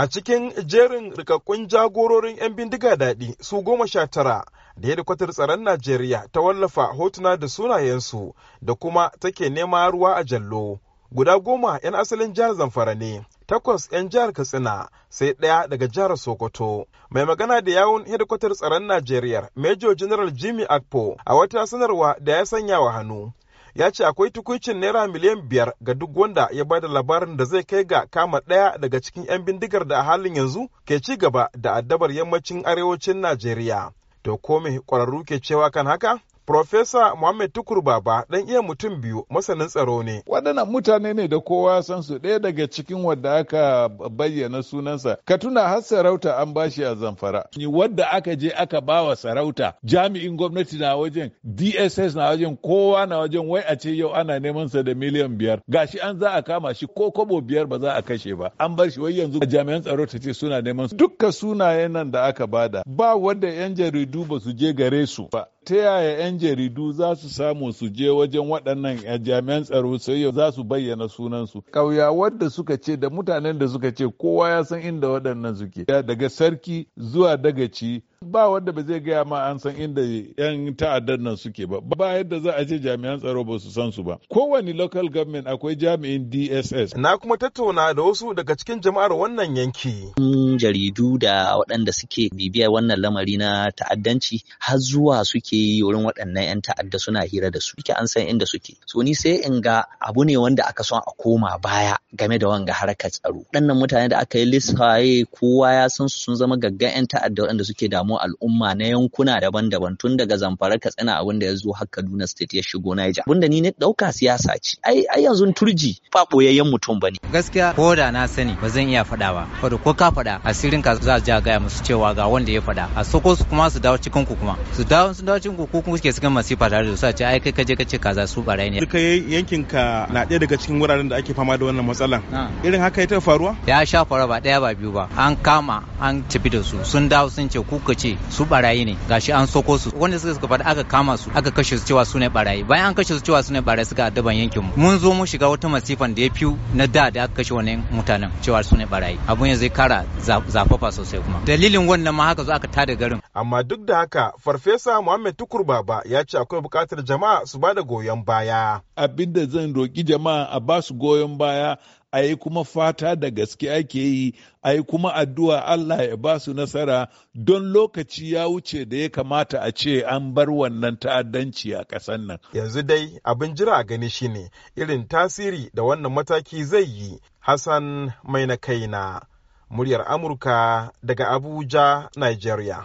a cikin jerin rikakkun jagororin 'yan bindiga daɗi su goma sha tara da hedikwatar tsaron najeriya ta wallafa hotuna da sunayensu da kuma take nema ruwa a jallo guda goma 'yan asalin jihar zamfara ne takwas 'yan jihar katsina sai ɗaya daga jihar sokoto mai magana da yawun hedikwatar tsaron najeriya major general jimmy akpo a wata sanarwa da ya sanya wa hannu ya ce akwai tukuncin naira miliyan biyar ga duk wanda ya bada labarin da zai kai ga kama ɗaya daga cikin 'yan bindigar da a halin yanzu ke ci gaba da addabar yammacin arewacin Najeriya. To kome ƙwararru ke cewa kan haka? Profesa Muhammad Tukur Baba ɗan iya mutum biyu masanin tsaro ne. Waɗannan mutane ne da kowa san su ɗaya daga cikin wadda aka bayyana sunansa. Ka tuna har sarauta an bashi a zamfara. Ni Wadda aka je aka bawa sarauta jami'in gwamnati na wajen DSS na wajen kowa na wajen wai a ce yau ana neman sa da miliyan biyar. Gashi an za a kama shi ko kobo biyar ba za a kashe ba. An bar shi wai yanzu a jami'an tsaro ta ce suna neman su. Dukka sunayen nan da aka bada ba wadda 'yan jaridu ba su je gare su ba. ta yaya 'yan jaridu za su samu su je wajen waɗannan jami'an tsaro sai za su bayyana sunansu ƙauyawar da suka ce da mutanen da suka ce kowa ya san inda waɗannan suke daga sarki zuwa dagaci ba wanda ba zai gaya ma an san inda 'yan ta'addan nan suke ba ba yadda za a ce jami'an tsaro ba su san su ba kowane local government akwai jami'in dss na kuma tattauna da wasu daga cikin jama'ar wannan yanki jaridu da waɗanda suke bibiyar wannan lamari na ta'addanci har zuwa suke yi wurin waɗannan 'yan ta'adda suna hira da su duka an san inda suke so ni sai in ga abu ne wanda aka son a koma baya game da wanga harkar tsaro ɗannan mutane da aka yi lissa kowa ya san su sun zama gaggan 'yan ta'adda waɗanda suke damu samu al'umma na yankuna daban-daban tun daga zamfara katsina abin da ya zo har kaduna state ya shigo Naija. Bunda ni ne dauka siyasa ce ai ai yanzu turji ba ɓoyayyen mutum bane gaskiya ko da na sani ba zan iya faɗa ba ko ko ka faɗa asirin ka za ja gaya musu cewa ga wanda ya faɗa a soko su kuma su dawo cikin ku kuma su dawo su dawo cikin ku ko kuma suke masifa tare da su a ce ai kai ka je ka ce kaza su barai ne duka yankin ka na ɗaya daga cikin wuraren da ake fama da wannan matsalan irin haka ya taɓa faruwa ya sha faruwa ba ɗaya ba biyu ba an kama an tafi da su sun dawo sun ce ku ka ce su barayi ne gashi an soko su wanda suka suka aka kama su aka kashe su cewa su ne barayi bayan an kashe su cewa su ne barayi suka addaban yankin mu mun zo mu shiga wata masifan da ya fi na da da aka kashe wannan mutanen cewa su ne barayi abun ya zai kara zafafa sosai kuma dalilin wannan ma haka zo aka tada garin amma duk da haka farfesa Muhammad Tukur Baba ya ce akwai bukatar jama'a su ba da goyon baya abinda zan roki jama'a a ba su goyon baya ai kuma fata da gaske ake yi ai kuma addu'a Allah ya ba su nasara don lokaci ya wuce da ya kamata a ce an bar wannan ta'addanci a ƙasar nan yanzu dai abin jira a gani shine irin tasiri da wannan mataki zai yi Hassan mai na kaina muryar Amurka daga Abuja Nigeria